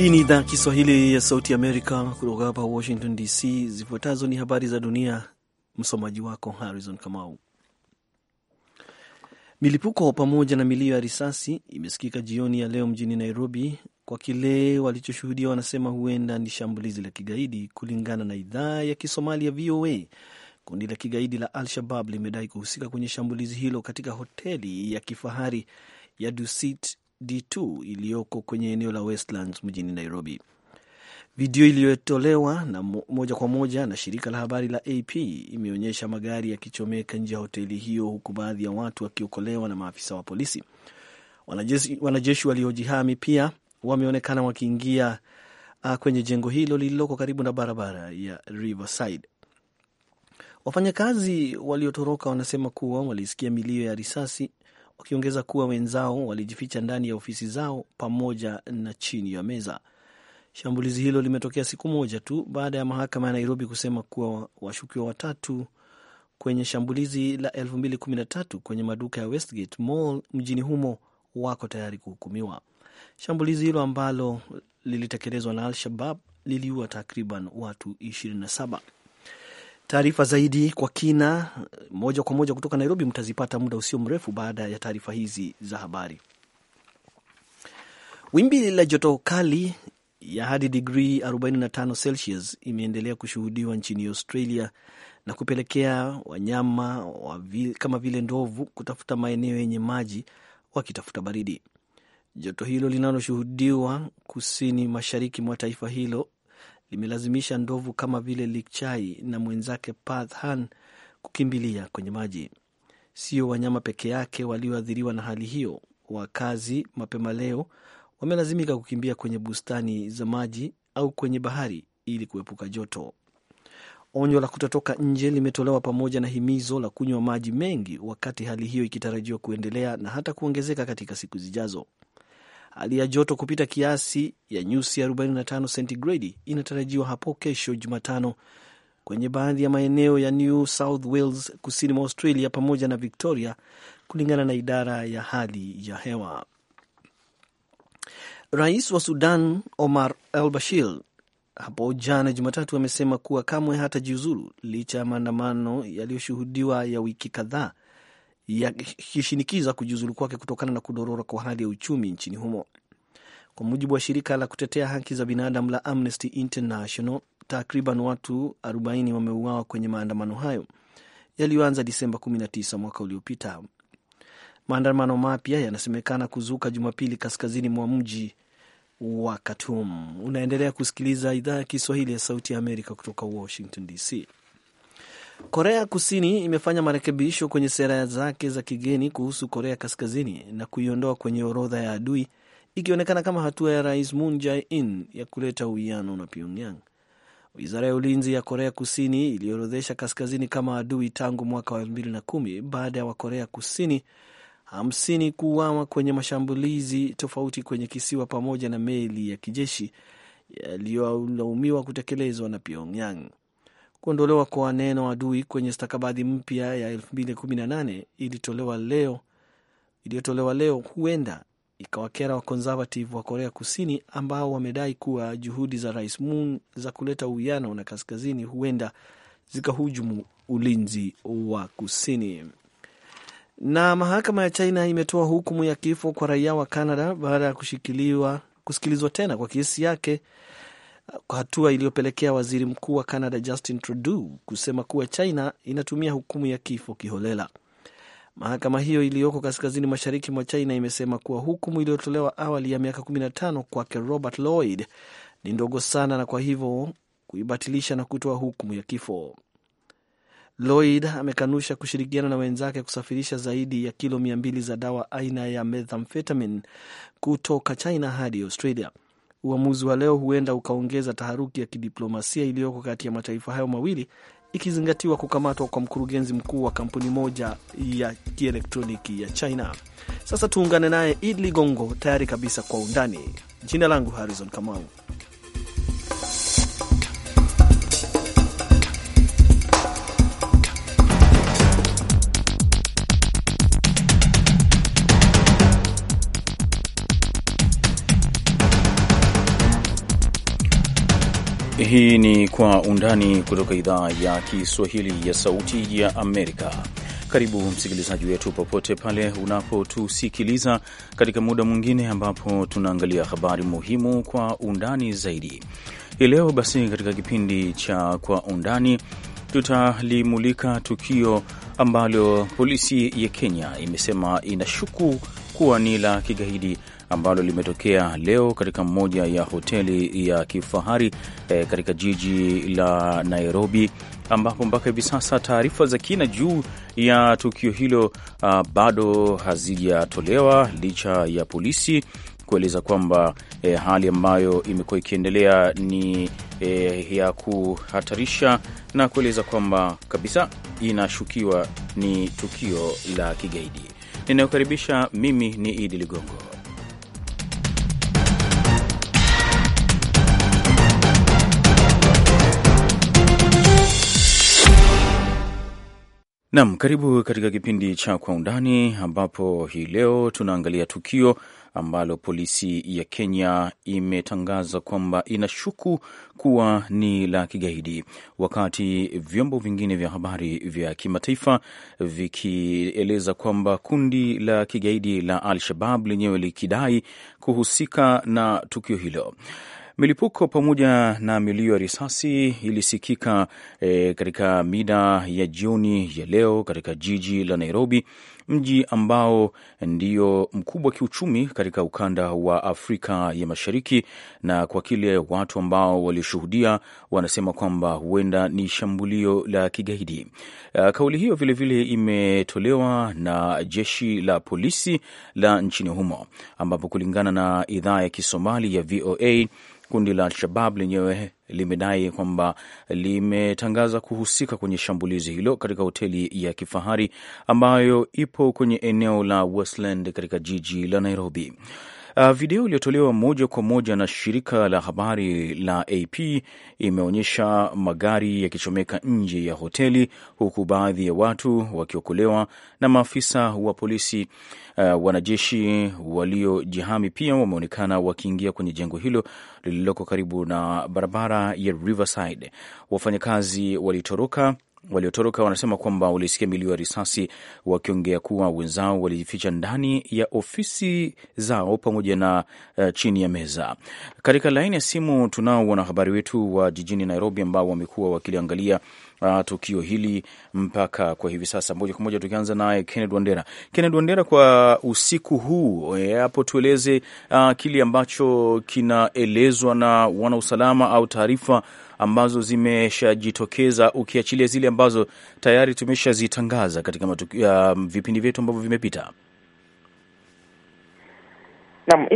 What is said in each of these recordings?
Hii ni idhaa Kiswahili ya Sauti Amerika kutoka hapa Washington DC. Zifuatazo ni habari za dunia, msomaji wako Harrison Kamau. Milipuko pamoja na milio ya risasi imesikika jioni ya leo mjini Nairobi kwa kile walichoshuhudia wanasema huenda ni shambulizi la kigaidi. Kulingana na idhaa ya Kisomali ya VOA, kundi la kigaidi la Al-Shabab limedai kuhusika kwenye shambulizi hilo katika hoteli ya kifahari ya Dusit D2 iliyoko kwenye eneo la Westlands mjini Nairobi. Video iliyotolewa na moja kwa moja na shirika la habari la AP imeonyesha magari yakichomeka nje ya hoteli hiyo, huku baadhi ya watu wakiokolewa na maafisa wa polisi. Wanajeshi, wanajeshi waliojihami pia wameonekana wakiingia ah, kwenye jengo hilo lililoko karibu na barabara ya Riverside. Wafanyakazi waliotoroka wanasema kuwa walisikia milio ya risasi wakiongeza kuwa wenzao walijificha ndani ya ofisi zao pamoja na chini ya meza. Shambulizi hilo limetokea siku moja tu baada ya mahakama ya Nairobi kusema kuwa washukiwa watatu kwenye shambulizi la 2013 kwenye maduka ya Westgate Mall mjini humo wako tayari kuhukumiwa. Shambulizi hilo ambalo lilitekelezwa na Al-Shabab liliua takriban watu 27. Taarifa zaidi kwa kina moja kwa moja kutoka Nairobi mtazipata muda usio mrefu baada ya taarifa hizi za habari. Wimbi la joto kali ya hadi digrii 45 Celsius imeendelea kushuhudiwa nchini Australia na kupelekea wanyama wavi, kama vile ndovu kutafuta maeneo yenye maji wakitafuta baridi. Joto hilo linaloshuhudiwa kusini mashariki mwa taifa hilo limelazimisha ndovu kama vile Likchai na mwenzake Han kukimbilia kwenye maji. Sio wanyama peke yake walioathiriwa na hali hiyo. Wakazi mapema leo wamelazimika kukimbia kwenye bustani za maji au kwenye bahari ili kuepuka joto. Onyo la kutotoka nje limetolewa pamoja na himizo la kunywa maji mengi, wakati hali hiyo ikitarajiwa kuendelea na hata kuongezeka katika siku zijazo. Hali ya joto kupita kiasi ya nyuzi 45 sentigredi inatarajiwa hapo kesho Jumatano kwenye baadhi ya maeneo ya New South Wales kusini mwa Australia pamoja na Victoria, kulingana na idara ya hali ya hewa. Rais wa Sudan Omar al Bashir hapo jana Jumatatu amesema kuwa kamwe hatajiuzulu licha ya maandamano yaliyoshuhudiwa ya wiki kadhaa yakishinikiza kujiuzulu kwake kutokana na kudorora kwa hali ya uchumi nchini humo. Kwa mujibu wa shirika la kutetea haki za binadamu la Amnesty International, takriban watu 40 wameuawa kwenye maandamano hayo yaliyoanza Disemba 19 mwaka uliopita. Maandamano mapya yanasemekana kuzuka Jumapili kaskazini mwa mji wa Khartoum. Unaendelea kusikiliza idhaa ya Kiswahili ya Sauti ya Amerika kutoka Washington DC. Korea Kusini imefanya marekebisho kwenye sera zake za kigeni kuhusu Korea Kaskazini na kuiondoa kwenye orodha ya adui, ikionekana kama hatua ya Rais Moon Jae-in ya kuleta uwiano na Pyongyang. Wizara ya ulinzi ya Korea Kusini iliorodhesha Kaskazini kama adui tangu mwaka wa 2010 baada ya Wakorea Kusini 50 kuuawa kwenye mashambulizi tofauti kwenye kisiwa pamoja na meli ya kijeshi yaliyolaumiwa kutekelezwa na Pyongyang. Kuondolewa kwa neno adui kwenye stakabadhi mpya ya 2018 iliyotolewa leo, iliyotolewa leo huenda ikawakera wa conservative wa Korea Kusini ambao wamedai kuwa juhudi za Rais Moon za kuleta uwiano na kaskazini huenda zikahujumu ulinzi wa kusini. Na mahakama ya China imetoa hukumu ya kifo kwa raia wa Canada baada ya kushikiliwa kusikilizwa tena kwa kesi yake hatua iliyopelekea waziri mkuu wa Canada Justin Trudeau kusema kuwa China inatumia hukumu ya kifo kiholela. Mahakama hiyo iliyoko kaskazini mashariki mwa China imesema kuwa hukumu iliyotolewa awali ya miaka 15 kwake Robert Lloyd ni ndogo sana, na kwa hivyo kuibatilisha na kutoa hukumu ya kifo. Lloyd amekanusha kushirikiana na wenzake kusafirisha zaidi ya kilo m2 za dawa aina ya methamphetamine kutoka China hadi Australia. Uamuzi wa leo huenda ukaongeza taharuki ya kidiplomasia iliyoko kati ya mataifa hayo mawili ikizingatiwa kukamatwa kwa mkurugenzi mkuu wa kampuni moja ya kielektroniki ya China. Sasa tuungane naye Id Ligongo, tayari kabisa kwa undani. Jina langu Harrison Kamau. Hii ni Kwa Undani kutoka idhaa ya Kiswahili ya Sauti ya Amerika. Karibu msikilizaji wetu popote pale unapotusikiliza katika muda mwingine ambapo tunaangalia habari muhimu kwa undani zaidi. Hii leo basi, katika kipindi cha Kwa Undani tutalimulika tukio ambalo polisi ya Kenya imesema inashuku kuwa ni la kigaidi ambalo limetokea leo katika moja ya hoteli ya kifahari e, katika jiji la Nairobi ambapo mpaka hivi sasa taarifa za kina juu ya tukio hilo a, ah, bado hazijatolewa licha ya polisi kueleza kwamba e, hali ambayo imekuwa ikiendelea ni e, ya kuhatarisha na kueleza kwamba kabisa inashukiwa ni tukio la kigaidi. Ninayokaribisha mimi ni Idi Ligongo. Nam, karibu katika kipindi cha Kwa Undani, ambapo hii leo tunaangalia tukio ambalo polisi ya Kenya imetangaza kwamba inashuku kuwa ni la kigaidi, wakati vyombo vingine vya habari vya kimataifa vikieleza kwamba kundi la kigaidi la Al Shabab lenyewe likidai kuhusika na tukio hilo. Milipuko pamoja na milio ya risasi ilisikika e, katika mida ya jioni ya leo katika jiji la Nairobi, mji ambao ndio mkubwa kiuchumi katika ukanda wa Afrika ya Mashariki, na kwa kile watu ambao walishuhudia wanasema kwamba huenda ni shambulio la kigaidi. Eh, kauli hiyo vilevile imetolewa na jeshi la polisi la nchini humo, ambapo kulingana na idhaa ya Kisomali ya VOA Kundi la Al-Shabab lenyewe limedai kwamba limetangaza kuhusika kwenye shambulizi hilo katika hoteli ya kifahari ambayo ipo kwenye eneo la Westland katika jiji la Nairobi. Uh, video iliyotolewa moja kwa moja na shirika la habari la AP imeonyesha magari yakichomeka nje ya hoteli huku baadhi ya watu wakiokolewa na maafisa wa polisi. Uh, wanajeshi waliojihami pia wameonekana wakiingia kwenye jengo hilo lililoko karibu na barabara ya Riverside. Wafanyakazi walitoroka waliotoroka wanasema kwamba walisikia milio ya risasi wakiongea kuwa wenzao walijificha ndani ya ofisi zao pamoja na uh, chini ya meza. Katika laini ya simu tunao wanahabari wetu wa jijini Nairobi ambao wamekuwa wakiliangalia uh, tukio hili mpaka kwa hivi sasa. Moja kwa moja tukianza naye Kenneth Wandera. Kenneth Wandera, kwa usiku huu eh, hapo, tueleze uh, kile ambacho kinaelezwa na wanausalama au taarifa ambazo zimeshajitokeza, ukiachilia zile ambazo tayari tumeshazitangaza katika matukio, uh, vipindi vyetu ambavyo vimepita. Naam,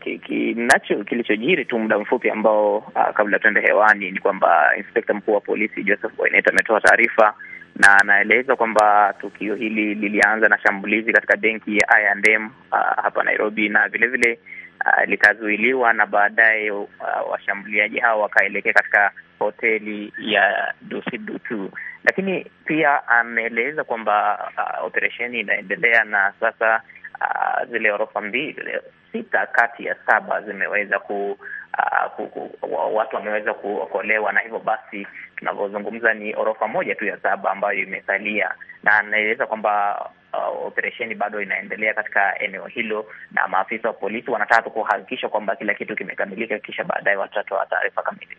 kinacho ki, kilichojiri tu muda mfupi ambao uh, kabla tuende hewani ni kwamba Inspekta Mkuu wa Polisi Joseph Boinnet ametoa taarifa na anaeleza kwamba tukio hili lilianza na shambulizi katika benki ya I&M uh, ah, hapa Nairobi na vilevile vile uh, likazuiliwa na baadaye uh, washambuliaji hao wakaelekea katika hoteli ya Dusidutu, lakini pia ameeleza kwamba uh, operesheni inaendelea na sasa uh, zile ghorofa mbili sita kati ya saba zimeweza ku, uh, ku, ku watu wameweza kuokolewa, na hivyo basi tunavyozungumza ni ghorofa moja tu ya saba ambayo imesalia, na anaeleza kwamba uh, operesheni bado inaendelea katika eneo hilo, na maafisa wa polisi wanataka kuhakikisha kwamba kila kitu kimekamilika, kisha baadaye watatoa taarifa kamili.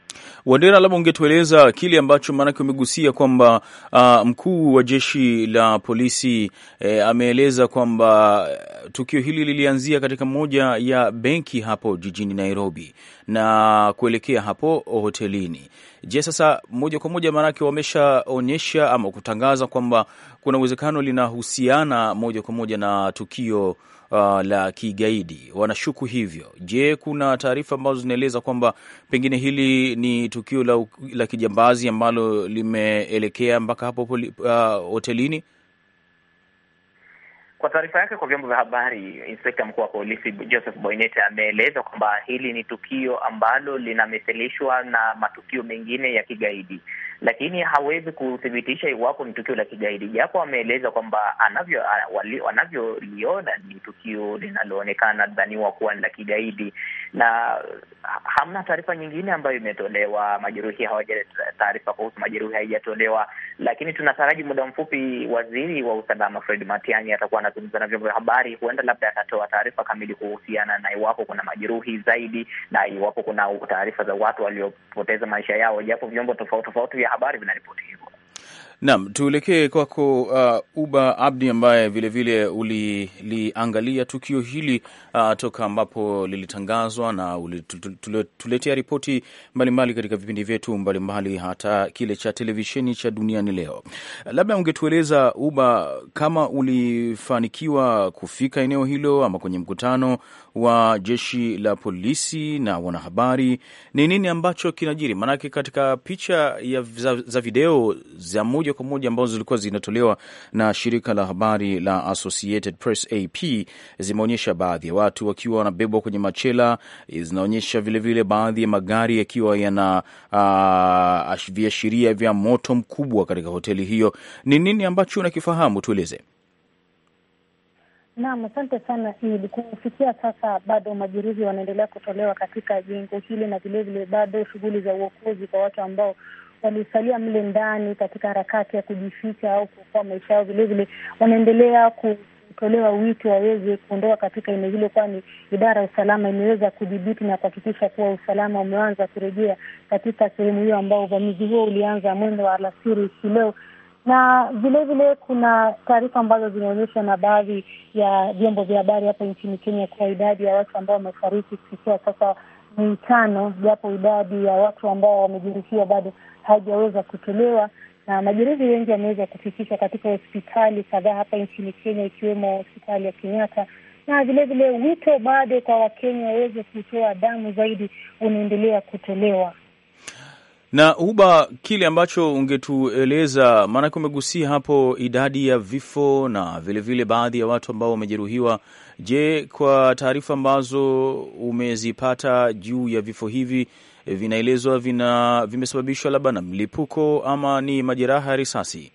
Wandera, labda ungetueleza kile ambacho maanake umegusia kwamba uh, mkuu wa jeshi la polisi eh, ameeleza kwamba eh, tukio hili lilianzia katika moja ya benki hapo jijini Nairobi na kuelekea hapo hotelini. Je, sasa moja kwa moja maanake wameshaonyesha ama kutangaza kwamba kuna uwezekano linahusiana moja kwa moja na tukio uh, la kigaidi, wanashuku hivyo. Je, kuna taarifa ambazo zinaeleza kwamba pengine hili ni tukio la, la kijambazi ambalo limeelekea mpaka hapo uh, hotelini? Uh, kwa taarifa yake kwa vyombo vya habari, inspekta mkuu wa polisi Joseph Boinete ameeleza kwamba hili ni tukio ambalo linamethelishwa na matukio mengine ya kigaidi lakini hawezi kuthibitisha iwapo ni tukio la kigaidi, japo ameeleza kwamba wanavyoliona ni tukio linaloonekana dhaniwa kuwa ni la kigaidi na hamna taarifa nyingine ambayo imetolewa. Majeruhi hawaja, taarifa kuhusu majeruhi haijatolewa, lakini tunataraji muda mfupi waziri wa usalama Fred Matiang'i atakuwa anazungumza na vyombo vya habari, huenda labda atatoa taarifa kamili kuhusiana na iwapo kuna majeruhi zaidi na iwapo kuna taarifa za watu waliopoteza maisha yao, japo vyombo tofauti tofauti vya habari vinaripoti hivyo. Naam, tuelekee kwako uh, Uba Abdi ambaye vilevile uliliangalia tukio hili uh, toka ambapo lilitangazwa na tuletea ripoti mbalimbali katika vipindi vyetu mbalimbali hata kile cha televisheni cha Duniani Leo. Labda ungetueleza Uba, kama ulifanikiwa kufika eneo hilo ama kwenye mkutano wa jeshi la polisi na wanahabari, ni nini ambacho kinajiri? Maanake katika picha ya za, za video za moja kwa moja ambazo zilikuwa zinatolewa na shirika la habari la Associated Press AP zimeonyesha baadhi ya watu wakiwa wanabebwa kwenye machela, zinaonyesha vilevile baadhi ya magari yakiwa yana viashiria vya moto mkubwa katika hoteli hiyo. Ni nini ambacho unakifahamu? Tueleze. Naam, asante sana Idi. Kufikia sasa bado majeruhi wanaendelea kutolewa katika jengo hili na vilevile bado shughuli za uokozi kwa watu ambao walisalia mle ndani katika harakati ya kujificha au kuokoa maisha yao, vilevile wanaendelea kutolewa wito waweze kuondoka katika eneo hilo, kwani idara ya usalama imeweza kudhibiti na kuhakikisha kuwa usalama umeanza kurejea katika sehemu hiyo ambao uvamizi huo ulianza mwendo wa alasiri hii leo na vilevile vile kuna taarifa ambazo zinaonyeshwa na baadhi ya vyombo vya habari hapa nchini Kenya kuwa idadi ya watu ambao wamefariki kufikia sasa ni tano, japo idadi ya watu ambao wamejeruhiwa bado haijaweza kutolewa, na majeruhi wengi wameweza kufikishwa katika hospitali kadhaa hapa nchini Kenya, ikiwemo hospitali ya Kenyatta na vilevile wito bado kwa Wakenya waweze kutoa damu zaidi unaendelea kutolewa. Na uba kile ambacho ungetueleza, maanake umegusia hapo idadi ya vifo na vilevile baadhi ya watu ambao wamejeruhiwa. Je, kwa taarifa ambazo umezipata juu ya vifo hivi eh, vinaelezwa vina vimesababishwa labda na mlipuko ama ni majeraha ya risasi?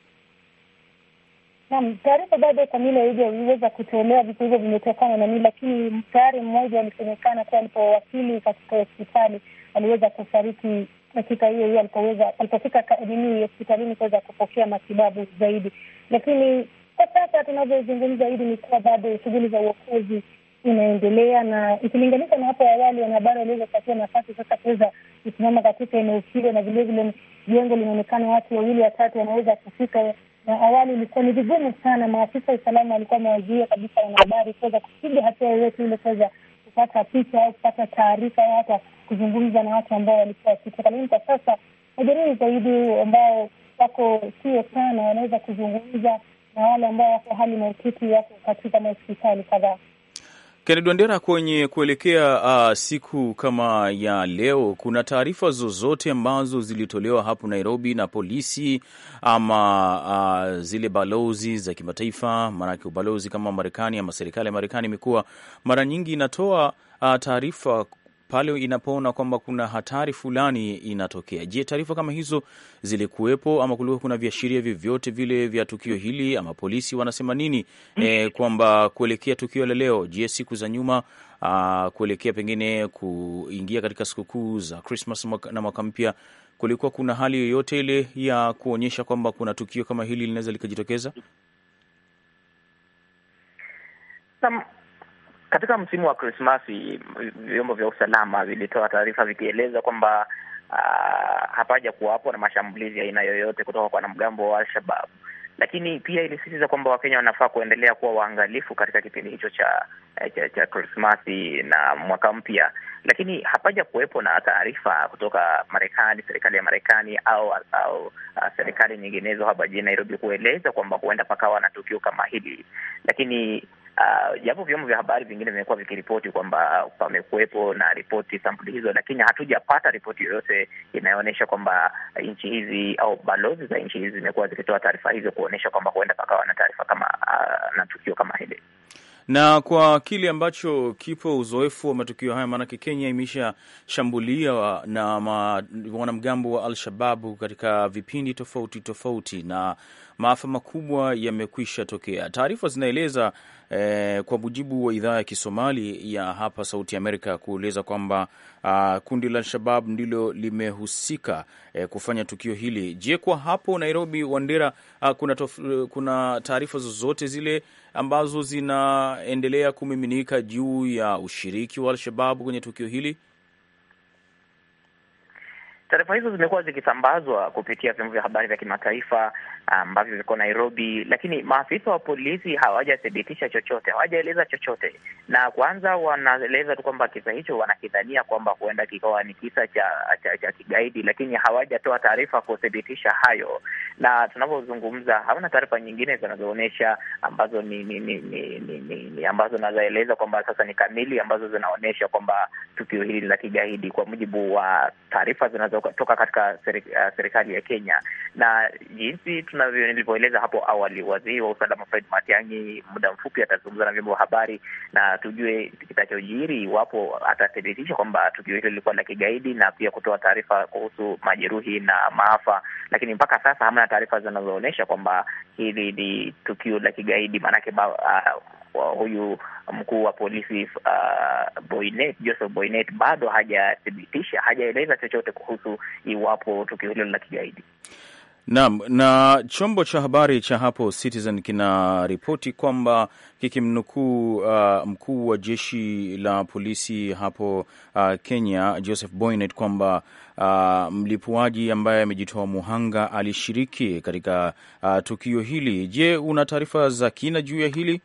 Naam, taarifa bado kamili haijaweza kutolewa vitu hivyo vimetokana na nini, lakini tayari mmoja alisemekana kuwa alipowasili katika hospitali aliweza kufariki katika hiyo hiyo alipoweza alipofika nini hospitalini kuweza kupokea matibabu zaidi. Lakini kwa sasa tunavyozungumza, hili ni kuwa bado shughuli za uokozi inaendelea, na ikilinganisha na hapo awali, wanahabari waliweza kupatia nafasi sasa kuweza kusimama katika eneo hilo, na vilevile jengo linaonekana watu wawili watatu wanaweza kufika na awali ilikuwa ni vigumu sana, maafisa wa usalama walikuwa wamewazuia kabisa wanahabari kuweza kupiga hatua yoyote ile kuweza kupata picha au kupata taarifa au hata kuzungumza na watu ambao walikuwa wakitoka. Lakini kwa sasa majeruhi zaidi ambao wako sio sana wanaweza kuzungumza na wale ambao wako hali mahututi, wako katika mahospitali kadhaa. Kennedy Wandera, kwenye kuelekea uh, siku kama ya leo, kuna taarifa zozote ambazo zilitolewa hapo Nairobi na polisi ama uh, zile balozi za kimataifa? Maanake ubalozi kama Marekani ama serikali ya Marekani imekuwa mara nyingi inatoa uh, taarifa pale inapoona kwamba kuna hatari fulani inatokea. Je, taarifa kama hizo zilikuwepo ama kulikuwa kuna viashiria vyovyote vile vya tukio hili ama polisi wanasema nini e, kwamba kuelekea tukio la leo? Je, siku za nyuma ah, kuelekea pengine kuingia katika sikukuu za Krismas na mwaka mpya kulikuwa kuna hali yoyote ile ya kuonyesha kwamba kuna tukio kama hili linaweza likajitokeza? Katika msimu wa Krismasi vyombo vya usalama vilitoa taarifa vikieleza kwamba uh, hapaja kuwapo na mashambulizi ya aina yoyote kutoka kwa wanamgambo wa Alshabab, lakini pia ilisisitiza kwamba Wakenya wanafaa kuendelea kuwa waangalifu katika kipindi hicho cha eh, cha, cha Krismasi na mwaka mpya, lakini hapaja kuwepo na taarifa kutoka Marekani, serikali ya Marekani au au uh, serikali nyinginezo hapa jijini Nairobi kueleza kwamba huenda pakawa na tukio kama hili, lakini Uh, japo uh, vyombo vya habari vingine vimekuwa vikiripoti kwamba pamekuwepo na ripoti sampuli hizo, lakini hatujapata ripoti yoyote inayoonyesha kwamba nchi hizi au balozi za nchi hizi zimekuwa zikitoa taarifa hizo kuonyesha kwamba huenda pakawa na taarifa kama uh, na tukio kama hili na kwa kile ambacho kipo uzoefu wa matukio haya, maanake Kenya imeshashambulia na wanamgambo wa Al-Shababu katika vipindi tofauti tofauti, na maafa makubwa yamekwisha tokea. Taarifa zinaeleza eh, kwa mujibu wa idhaa ya Kisomali ya hapa Sauti Amerika kueleza kwamba ah, kundi la Al-Shabab ndilo limehusika eh, kufanya tukio hili. Je, kwa hapo Nairobi, Wandera, uh, kuna, kuna taarifa zozote zile ambazo zinaendelea kumiminika juu ya ushiriki wa al kwenye tukio hili? Taarifa hizo zimekuwa zikisambazwa kupitia vyombo vya habari vya kimataifa ambavyo viko Nairobi, lakini maafisa wa polisi hawajathibitisha chochote, hawajaeleza chochote, na kwanza wanaeleza tu kwamba kisa hicho wanakidhania kwamba huenda kikawa ni kisa cha, cha, cha kigaidi, lakini hawajatoa taarifa kuthibitisha hayo, na tunavyozungumza hawana taarifa nyingine zinazoonyesha ambazo ni, ni, ni, ni, ni, ni, ni ambazo nazoeleza kwamba sasa ni kamili ambazo zinaonyesha kwamba tukio hili la kigaidi, kwa mujibu wa taarifa zinazotoka katika uh, serikali ya Kenya na jinsi nilivyoeleza hapo awali, waziri wa usalama Fred Matiang'i muda mfupi atazungumza na vyombo vya habari na tujue kitachojiri iwapo atathibitisha kwamba tukio hilo lilikuwa la kigaidi na pia kutoa taarifa kuhusu majeruhi na maafa. Lakini mpaka sasa hamna taarifa zinazoonyesha kwamba hili ni tukio la kigaidi, maanake huyu mkuu wa polisi uh, Boynet, Joseph Boynet bado hajathibitisha, hajaeleza chochote kuhusu iwapo tukio hilo la kigaidi. Naam, na chombo cha habari cha hapo Citizen kinaripoti kwamba kikimnukuu uh, mkuu wa jeshi la polisi hapo uh, Kenya Joseph Boynet kwamba uh, mlipuaji ambaye amejitoa muhanga alishiriki katika uh, tukio hili. Je, una taarifa za kina juu ya hili?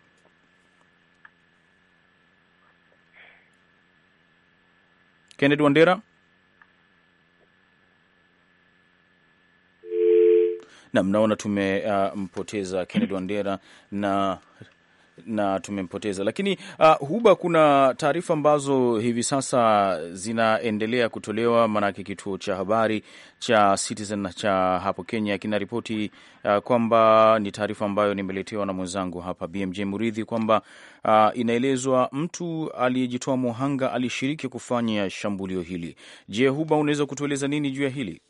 Kennedy Wandera. Nam, naona tumempoteza uh, Kennedy Wandera na na tumempoteza lakini, uh, Huba, kuna taarifa ambazo hivi sasa zinaendelea kutolewa, maanake kituo cha habari cha Citizen cha hapo Kenya kinaripoti uh, kwamba ni taarifa ambayo nimeletewa na mwenzangu hapa BMJ Muridhi kwamba uh, inaelezwa mtu aliyejitoa muhanga alishiriki kufanya shambulio hili. Je, Huba, unaweza kutueleza nini juu ya hili?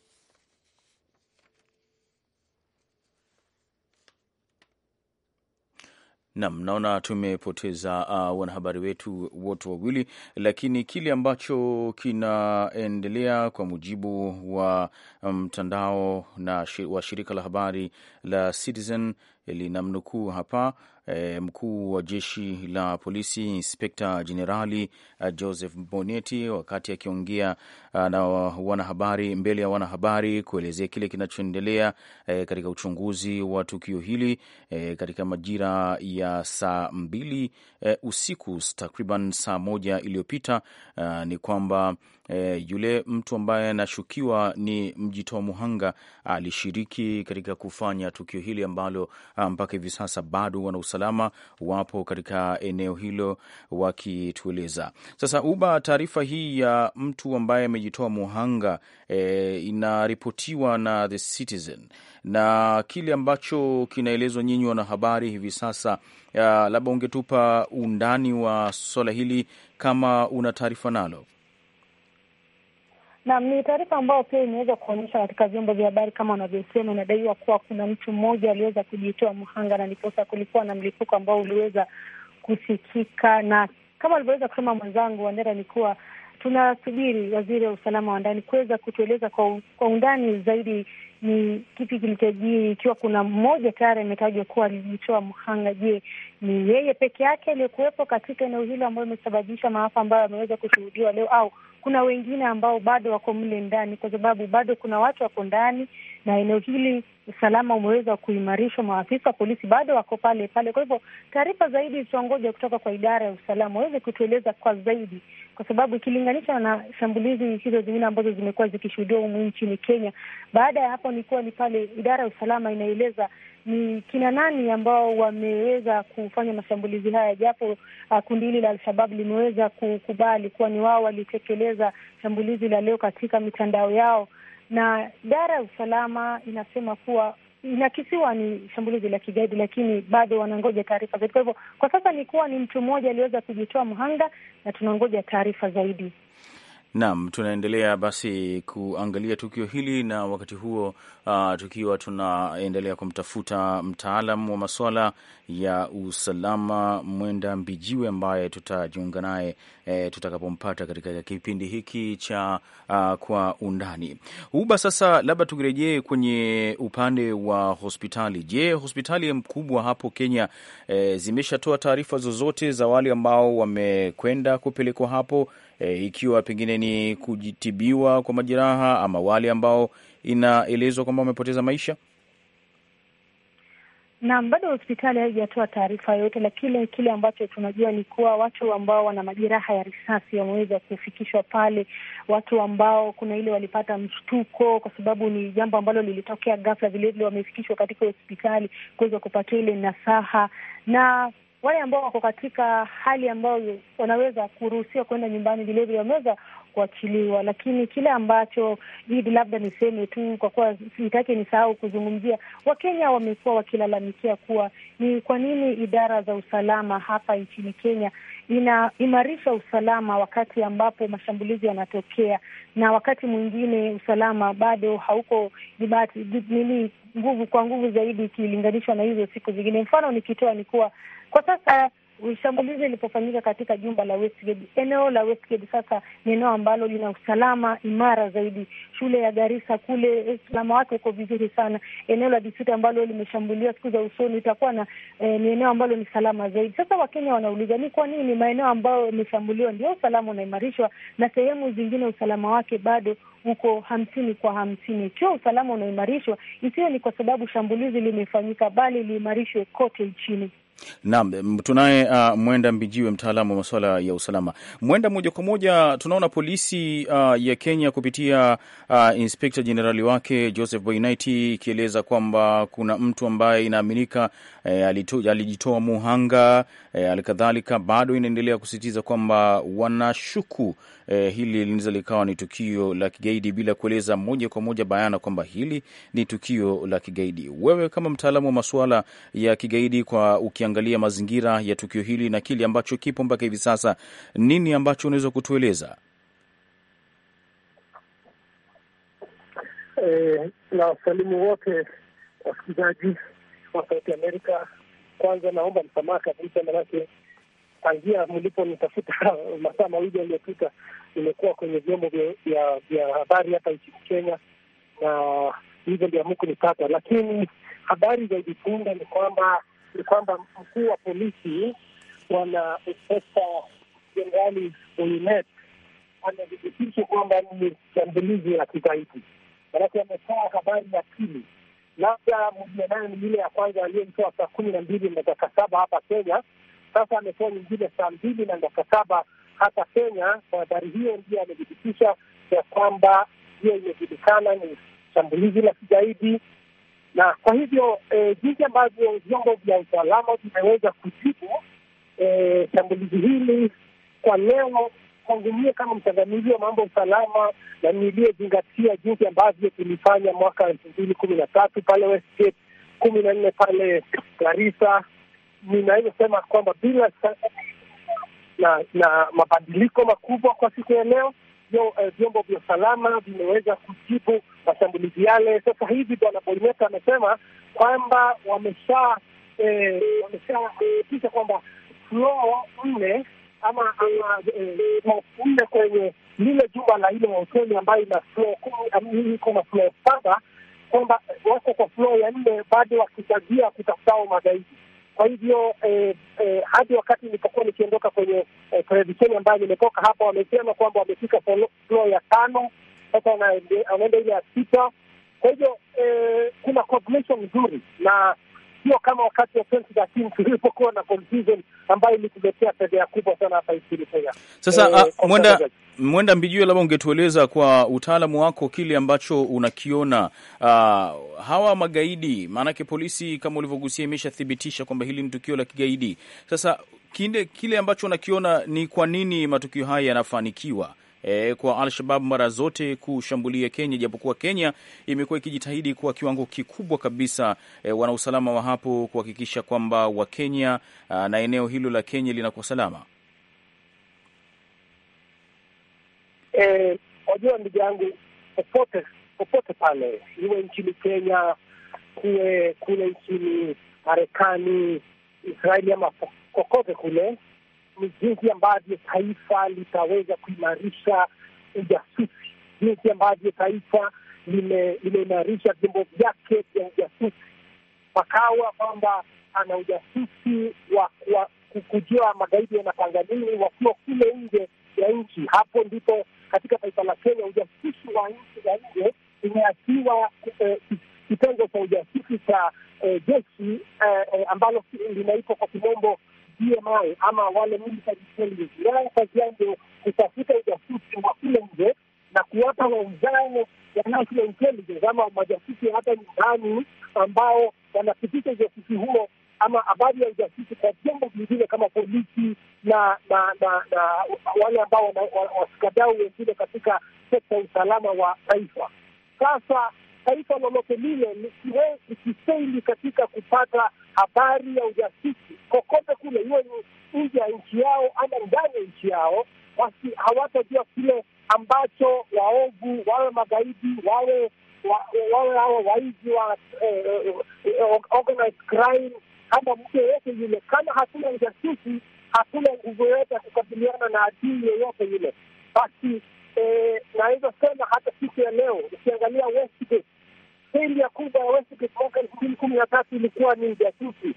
Nam, naona tumepoteza uh, wanahabari wetu wote wawili, lakini kile ambacho kinaendelea kwa mujibu wa um, mtandao um, na shi, wa shirika la habari la Citizen eh, linamnukuu hapa e, mkuu wa jeshi la polisi Inspekta Jenerali eh, Joseph Boneti wakati akiongea eh, na wanahabari mbele ya wanahabari kuelezea kile kinachoendelea e, katika uchunguzi wa tukio hili e, katika majira ya saa mbili e, usiku takriban saa moja iliyopita ni kwamba e, yule mtu ambaye anashukiwa ni mjitoa muhanga alishiriki katika kufanya tukio hili ambalo mpaka hivi sasa bado wana usalama wapo katika eneo hilo wakitueleza. Sasa Uba, taarifa hii ya mtu ambaye amejitoa muhanga e, inaripotiwa na The Citizen na kile ambacho kinaelezwa nyinyi wanahabari hivi sasa, eh, labda ungetupa undani wa swala hili kama una taarifa nalo. Naam, ni taarifa ambayo pia imeweza kuonyesha katika vyombo vya habari kama wanavyosema, inadaiwa kuwa kuna mtu mmoja aliweza kujitoa mhanga na niposa kulikuwa na mlipuko ambao uliweza kusikika, na kama alivyoweza kusema mwenzangu Wandera ni kuwa tunasubiri waziri wa usalama wa ndani kuweza kutueleza kwa, kwa undani zaidi ni kipi kilichojiri, ikiwa kuna mmoja tayari ametajwa kuwa alijitoa mhanga. Je, ni yeye peke yake aliyekuwepo katika eneo hilo ambayo imesababisha maafa ambayo ameweza kushuhudiwa leo au kuna wengine ambao bado wako mle ndani, kwa sababu bado kuna watu wako ndani, na eneo hili usalama umeweza kuimarishwa, maafisa wa polisi bado wako pale pale. Kwa hivyo taarifa zaidi tutangoja kutoka kwa idara ya usalama waweze kutueleza kwa zaidi kwa sababu ikilinganisha na shambulizi hizo zingine ambazo zimekuwa zikishuhudiwa humu nchini Kenya. Baada ya hapo, nikuwa ni pale idara ya usalama inaeleza ni kina nani ambao wameweza kufanya mashambulizi haya, japo uh, kundi hili la Alshabab limeweza kukubali kuwa ni wao walitekeleza shambulizi la leo katika mitandao yao, na idara ya usalama inasema kuwa inakisiwa ni shambulizi la kigaidi, lakini bado wanangoja taarifa zaidi. Kwa hivyo kwa sasa ni kuwa ni mtu mmoja aliweza kujitoa mhanga na tunangoja taarifa zaidi. Naam, tunaendelea basi kuangalia tukio hili na wakati huo uh, tukiwa tunaendelea kumtafuta mtaalam wa masuala ya usalama Mwenda Mbijiwe ambaye tutajiunga naye e, tutakapompata katika kipindi hiki cha uh, kwa undani. Uba, sasa labda tukirejee kwenye upande wa hospitali. Je, hospitali mkubwa hapo Kenya e, zimeshatoa taarifa zozote za wale ambao wamekwenda kupelekwa hapo e, ikiwa pengine ni kujitibiwa kwa majeraha ama wale ambao inaelezwa kwamba wamepoteza maisha? Naam, bado hospitali haijatoa taarifa yoyote, lakini kile ambacho tunajua ni kuwa watu ambao wana majeraha ya risasi wameweza kufikishwa pale. Watu ambao kuna ile walipata mshtuko, kwa sababu ni jambo ambalo lilitokea ghafla, vilevile wamefikishwa katika hospitali kuweza kupatia ile nasaha na wale ambao wako katika hali ambayo wanaweza kuruhusiwa kwenda nyumbani vilevile wameweza kuachiliwa, lakini kile ambacho hivi labda niseme tu, kwa kuwa sitaki nisahau kuzungumzia, Wakenya wamekuwa wakilalamikia kuwa ni kwa nini idara za usalama hapa nchini Kenya inaimarisha usalama wakati ambapo mashambulizi yanatokea, na wakati mwingine usalama bado hauko nini nguvu kwa nguvu zaidi ikilinganishwa na hizo siku zingine. Mfano nikitoa ni kuwa kwa sasa shambulizi ilipofanyika katika jumba la Westgate, eneo la Westgate sasa ni eneo ambalo lina usalama imara zaidi. Shule ya Garissa kule usalama wake uko vizuri sana. Eneo la Disitu ambalo limeshambuliwa siku za usoni itakuwa na eh, ni eneo ambalo ni salama zaidi. Sasa Wakenya wanauliza ni kwa nini maeneo ambayo yameshambuliwa ndio usalama unaimarishwa na sehemu zingine usalama wake bado uko hamsini kwa hamsini. Ikiwa usalama unaimarishwa, isiyo ni kwa sababu shambulizi limefanyika, bali liimarishwe kote nchini. Naam, tunaye uh, Mwenda Mbijiwe, mtaalamu wa masuala ya usalama. Mwenda, moja kwa moja, tunaona polisi uh, ya Kenya kupitia uh, inspekta jenerali wake Joseph Boinaiti ikieleza kwamba kuna mtu ambaye inaaminika eh, alijitoa muhanga eh, alikadhalika, bado inaendelea kusisitiza kwamba wanashuku eh, hili linaweza likawa ni tukio la kigaidi bila kueleza moja kwa moja bayana kwamba hili ni tukio la kigaidi. Wewe kama mtaalamu wa masuala ya kigaidi, kwa ukiangalia mazingira ya tukio hili na kile ambacho kipo mpaka hivi sasa, nini ambacho unaweza kutueleza? Eh, na wasalimu wote wasikilizaji wa Sauti Amerika, kwanza naomba msamaha kabisa, manake tangia mliponitafuta masaa mawili yaliyopita, imekuwa kwenye vyombo vya habari hapa nchini Kenya na hivyo ndio nipata lakini habari za punde ni kwamba ni kwamba mkuu wa polisi bwana inspekta jenerali Boynet amedhibitisha kwamba ni shambulizi la kigaidi, manake ametoa habari ya pili. Labda mjue nayo ni ile ya kwanza aliyoitoa saa kumi na mbili na dakika saba hapa Kenya sasa ametoa nyingine saa mbili na dakika saba. Hata Kenya kwa habari hiyo ndio amethibitisha ya kwamba hiyo imejulikana ni shambulizi la kigaidi, na kwa hivyo e, jinsi ambavyo vyombo vya usalama vimeweza kujibu e, shambulizi hili kwa leo kwangu kama mchanganuzi wa mambo ya usalama na niliyezingatia jinsi ambavyo tulifanya mwaka elfu mbili kumi na tatu pale Westgate, kumi na nne pale Garissa, ninaweza sema kwamba bila na na mabadiliko makubwa kwa siku ya leo, eh, vyombo vya usalama vimeweza kujibu mashambulizi yale. Sasa hivi bwana Bolimeta amesema kwamba wamesha eh, kwamba floor nne ama eh, nne kwenye lile jumba la ile hoteli ambayo ina floor iko na floor saba, kwamba wako kwa floor ya nne bado wakichagia kutafutao magaidi. Kwa hivyo eh, eh, hadi wakati nilipokuwa nikiondoka kwenye eh, televisheni ambayo nimetoka hapa, wamesema kwamba wamefika floor ya tano, sasa wanaenda ile ya sita. Kwa hivyo eh, kuna coordination nzuri na sio kama wakati wa 2013 tulipokuwa na confusion ambayo ilituletea fedheha kubwa sana hapa nchini Kenya. Sasa eh, ah, a, mwenda Mwenda Mbijue, labda ungetueleza kwa utaalamu wako kile ambacho unakiona uh, hawa magaidi, maanake polisi kama ulivyogusia imeshathibitisha kwamba hili ni tukio la kigaidi. Sasa kile, kile ambacho unakiona ni kwa nini matukio haya yanafanikiwa e, kwa Al-Shabab mara zote kushambulia Kenya, japokuwa Kenya imekuwa ikijitahidi kwa kiwango kikubwa kabisa e, wanausalama wa hapo kuhakikisha kwamba Wakenya na eneo hilo la Kenya linakuwa salama. E, wajua ndugu yangu, popote popote pale, iwe nchini Kenya, kuwe kule nchini Marekani, Israeli ama kokote kule ni jinsi ambavyo taifa litaweza kuimarisha ujasusi, jinsi ambavyo taifa limeimarisha vyombo vyake vya ujasusi, pakawa kwamba ana ujasusi wa kujua magaidi yanapanga nini wakiwa kule nje ya nchi. Hapo ndipo katika taifa la Kenya ujasusi wa nchi za nje imeakiwa eh, kitengo cha ujasusi cha eh, jeshi eh, ambalo linaitwa kwa kimombo DMI ama wale military intelligence wao kazi yao ndio kutafuta ujasusi wa kule nje na kuwapa wenzao wanaokula intelligence ama majasusi hata nyumbani ambao wanapitisha ujasusi huo ama habari ya ujasusi kwa vyombo vingine kama polisi na na na, na wale ambao wasikadau wengine katika sekta ya usalama wa taifa. Sasa taifa lolote lile likifeli katika kupata habari ya ujasusi koko kule, iwe ni nje ya nchi yao ama ndani ya nchi yao, basi hawatajua kile ambacho waovu wawe magaidi wawe wawe hawa waizi wa eh, eh, eh, organized crime ama mtu yeyote yule, kama hakuna ujasusi, hakuna nguvu yoyote ya kukabiliana na adui yoyote yule, basi naweza sema hata siku ya leo ukiangalia Westgate, failure kubwa ya Westgate mwaka elfu mbili kumi na tatu ilikuwa ni ujasusi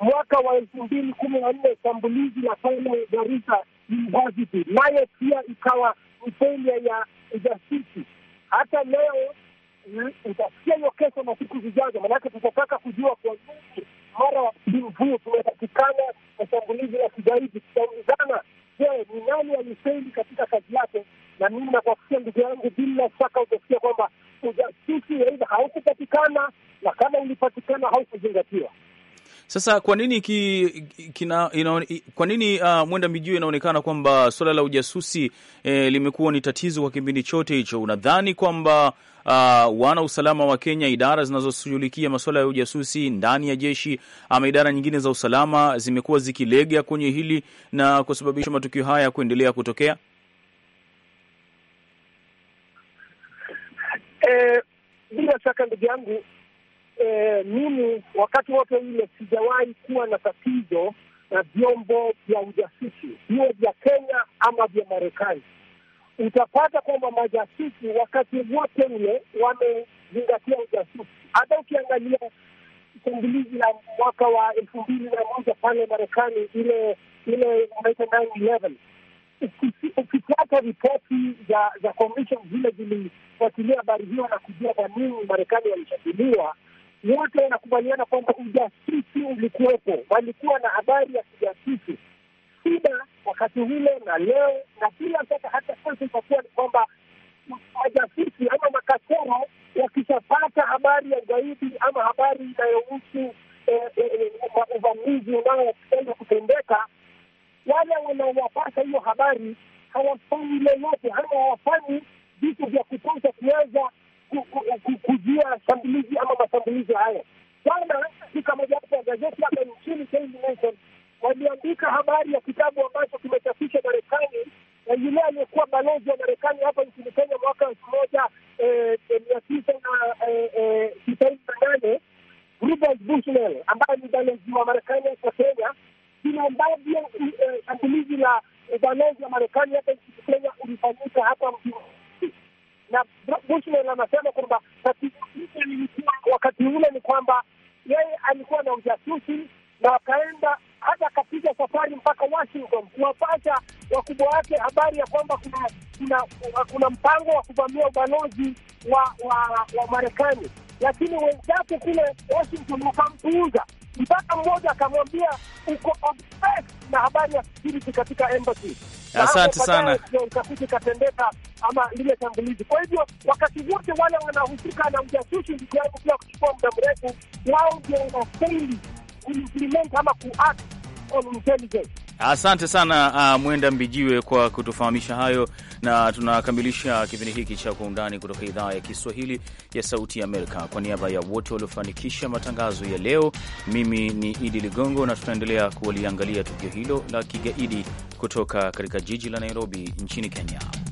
mwaka wa elfu mbili kumi na nne shambulizi la pale Garissa University nayo pia ikawa mfelia ya ujasusi. Hata leo mm, utasikia hiyo kesho na siku zijazo, maanake tutataka kujua kwa nini mara ya pili tumepatikana na shambulizi la kigaidi. Tutaulizana, je, ni nani alifeli katika kazi yake? Na mimi nakuafikia ndugu yangu, bila shaka utasikia kwamba ujasusi aidha haukupatikana na kama ulipatikana haukuzingatiwa. Sasa kwa nini ki, kina, ina, kwa nini uh, Mwenda Mijuu inaonekana kwamba suala la ujasusi eh, limekuwa ni tatizo kwa kipindi chote hicho? Unadhani kwamba uh, wana usalama wa Kenya, idara zinazoshughulikia masuala ya ujasusi ndani ya jeshi ama idara nyingine za usalama zimekuwa zikilega kwenye hili na kusababisha matukio haya kuendelea kutokea? Eh, bila shaka ndugu yangu eh, mimi wakati wote ule sijawahi kuwa na tatizo na vyombo vya ujasusi, hiyo vya Kenya ama vya Marekani. Utapata kwamba majasusi wakati wote ule wamezingatia ujasusi. Hata ukiangalia shambulizi la mwaka wa elfu mbili na moja pale Marekani, ile ile unaita ripoti za za commission zile zilifuatilia habari hiyo na kujua kwa nini Marekani walishambuliwa, wote wanakubaliana kwamba ujasusi ulikuwepo, walikuwa na habari ya kijasusi. sida wakati ule na leo na kila sasa, hata sasa itakuwa ni kwamba majasusi ama makasoro wakishapata habari ya ugaidi ama habari inayohusu eh, eh, eh, uvamizi unaoenda kutendeka, wale wanaowapata hiyo habari hawafanyi lolote ama hawafanyi vitu vya kutosha kuweza kujia shambulizi ama mashambulizi haya. Jana katika mojawapo ya gazeti hapa nchini waliandika habari ya kitabu ambacho kimechapishwa Marekani na yule aliyekuwa balozi wa Marekani hapa nchini Kenya mwaka elfu moja eh, eh, mia tisa na eh, tisaini na nane Bushnell ambaye ni balozi wa Marekani hapa Kenya, ambavyo shambulizi la balozi wa Marekani hapa nchini Kenya ulifanyika hapa mjini na Bushmen anasema kwamba wakati ule ni kwamba yeye alikuwa na ujasusi na wakaenda hata akapiga safari mpaka Washington kuwapasha wakubwa wake habari ya kwamba kuna kuna, kuna mpango wa kuvamia ubalozi wa wa, wa Marekani, lakini wenzake kule Washington wakampuuza mpaka mmoja akamwambia uko na habari ya security katika embassy. Asante sana. Utafiti ikatendeka ama lile shambulizi. Kwa hivyo wakati wote wale wanahusika na ujasusi, ndugu yangu, pia kuchukua muda mrefu, wao ndio wanafeli kuimplement ama kuact on intelligence. Asante sana uh, Mwenda Mbijiwe kwa kutufahamisha hayo, na tunakamilisha kipindi hiki cha Kwa Undani kutoka idhaa ya Kiswahili ya Sauti ya Amerika. Kwa niaba ya wote waliofanikisha matangazo ya leo, mimi ni Idi Ligongo na tunaendelea kuliangalia tukio hilo la kigaidi kutoka katika jiji la Nairobi nchini Kenya.